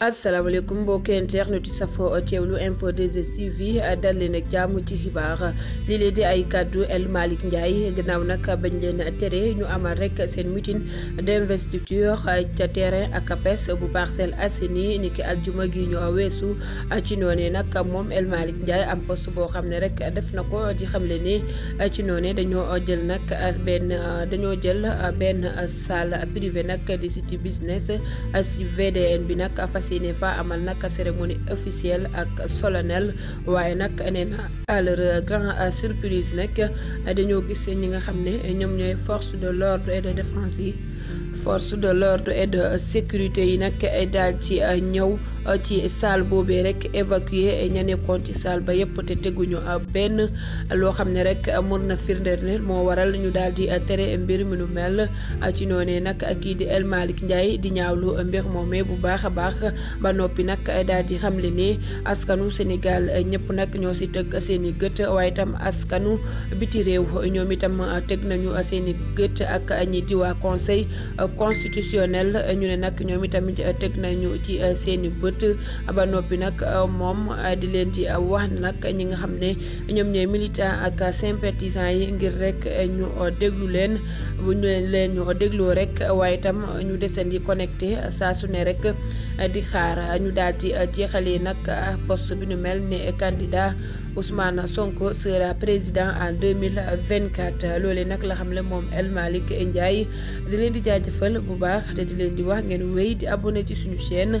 asalaamaaleykum mbokki internet yi safoo teewlu info 2S TV dal leen jàmm ci xibaar lii leen di ay kàddu El Malick Ndiaye gannaaw nag bañ leen tere ñu amal rek seen meeting d'investiture ca terrain ak APES bu Parcelles Assainies niki aljuma gi ñu weesu ci noonee nag moom El Malick am poste boo xam ne rek def na ko di xamle ni ci noonee dañoo jël nag benn dañoo jël benn salle privée nag di city business si VDN bi nag. fas fa amal nak cérémonie officielle ak solennelle waye nak nee na à leur grand surprise nak dañu gis ñi nga xam ne force de l'ordre et de défense yi force de l'ordre et de sécurité yi ay dal ci ñëw ci salle boobee rek évacuer ña nekkoon ci salle ba yëpp te teguñu benn loo xam ne rek mën na firndeel moo waral ñu daal di tere mbir mi nu mel ci noonee nag kii di El Malick Ndiaye di ñaawlu mbir moomee bu baax a baax ba noppi nag daal di xamle ne askanu Sénégal ñëpp nag ñoo si teg seeni i gët waaye tam askanu biti réew ñoom itam teg nañu seen i gët ak ñi di waa conseil constitutionnel ñu ne nag ñoom itamit teg nañu ci seen i bët. ëtt ba noppi nag moom di leen di wax nag ñi nga xam ne ñoom ñooy militants ak sympathisants yi ngir rek ñu déglu leen bu ñu leen ñu dégloo rek waaye itam ñu desandi connecté saa su ne rek di xaar ñu daal di jeexalee nag poste bi nu mel ne candidat Ousmane Sonko sera président en 2024 loole nag la xam ne moom El Malick Ndiaye di leen di jaajëfal bu baax te di leen di wax ngeen wéy di abonné suñu chaîne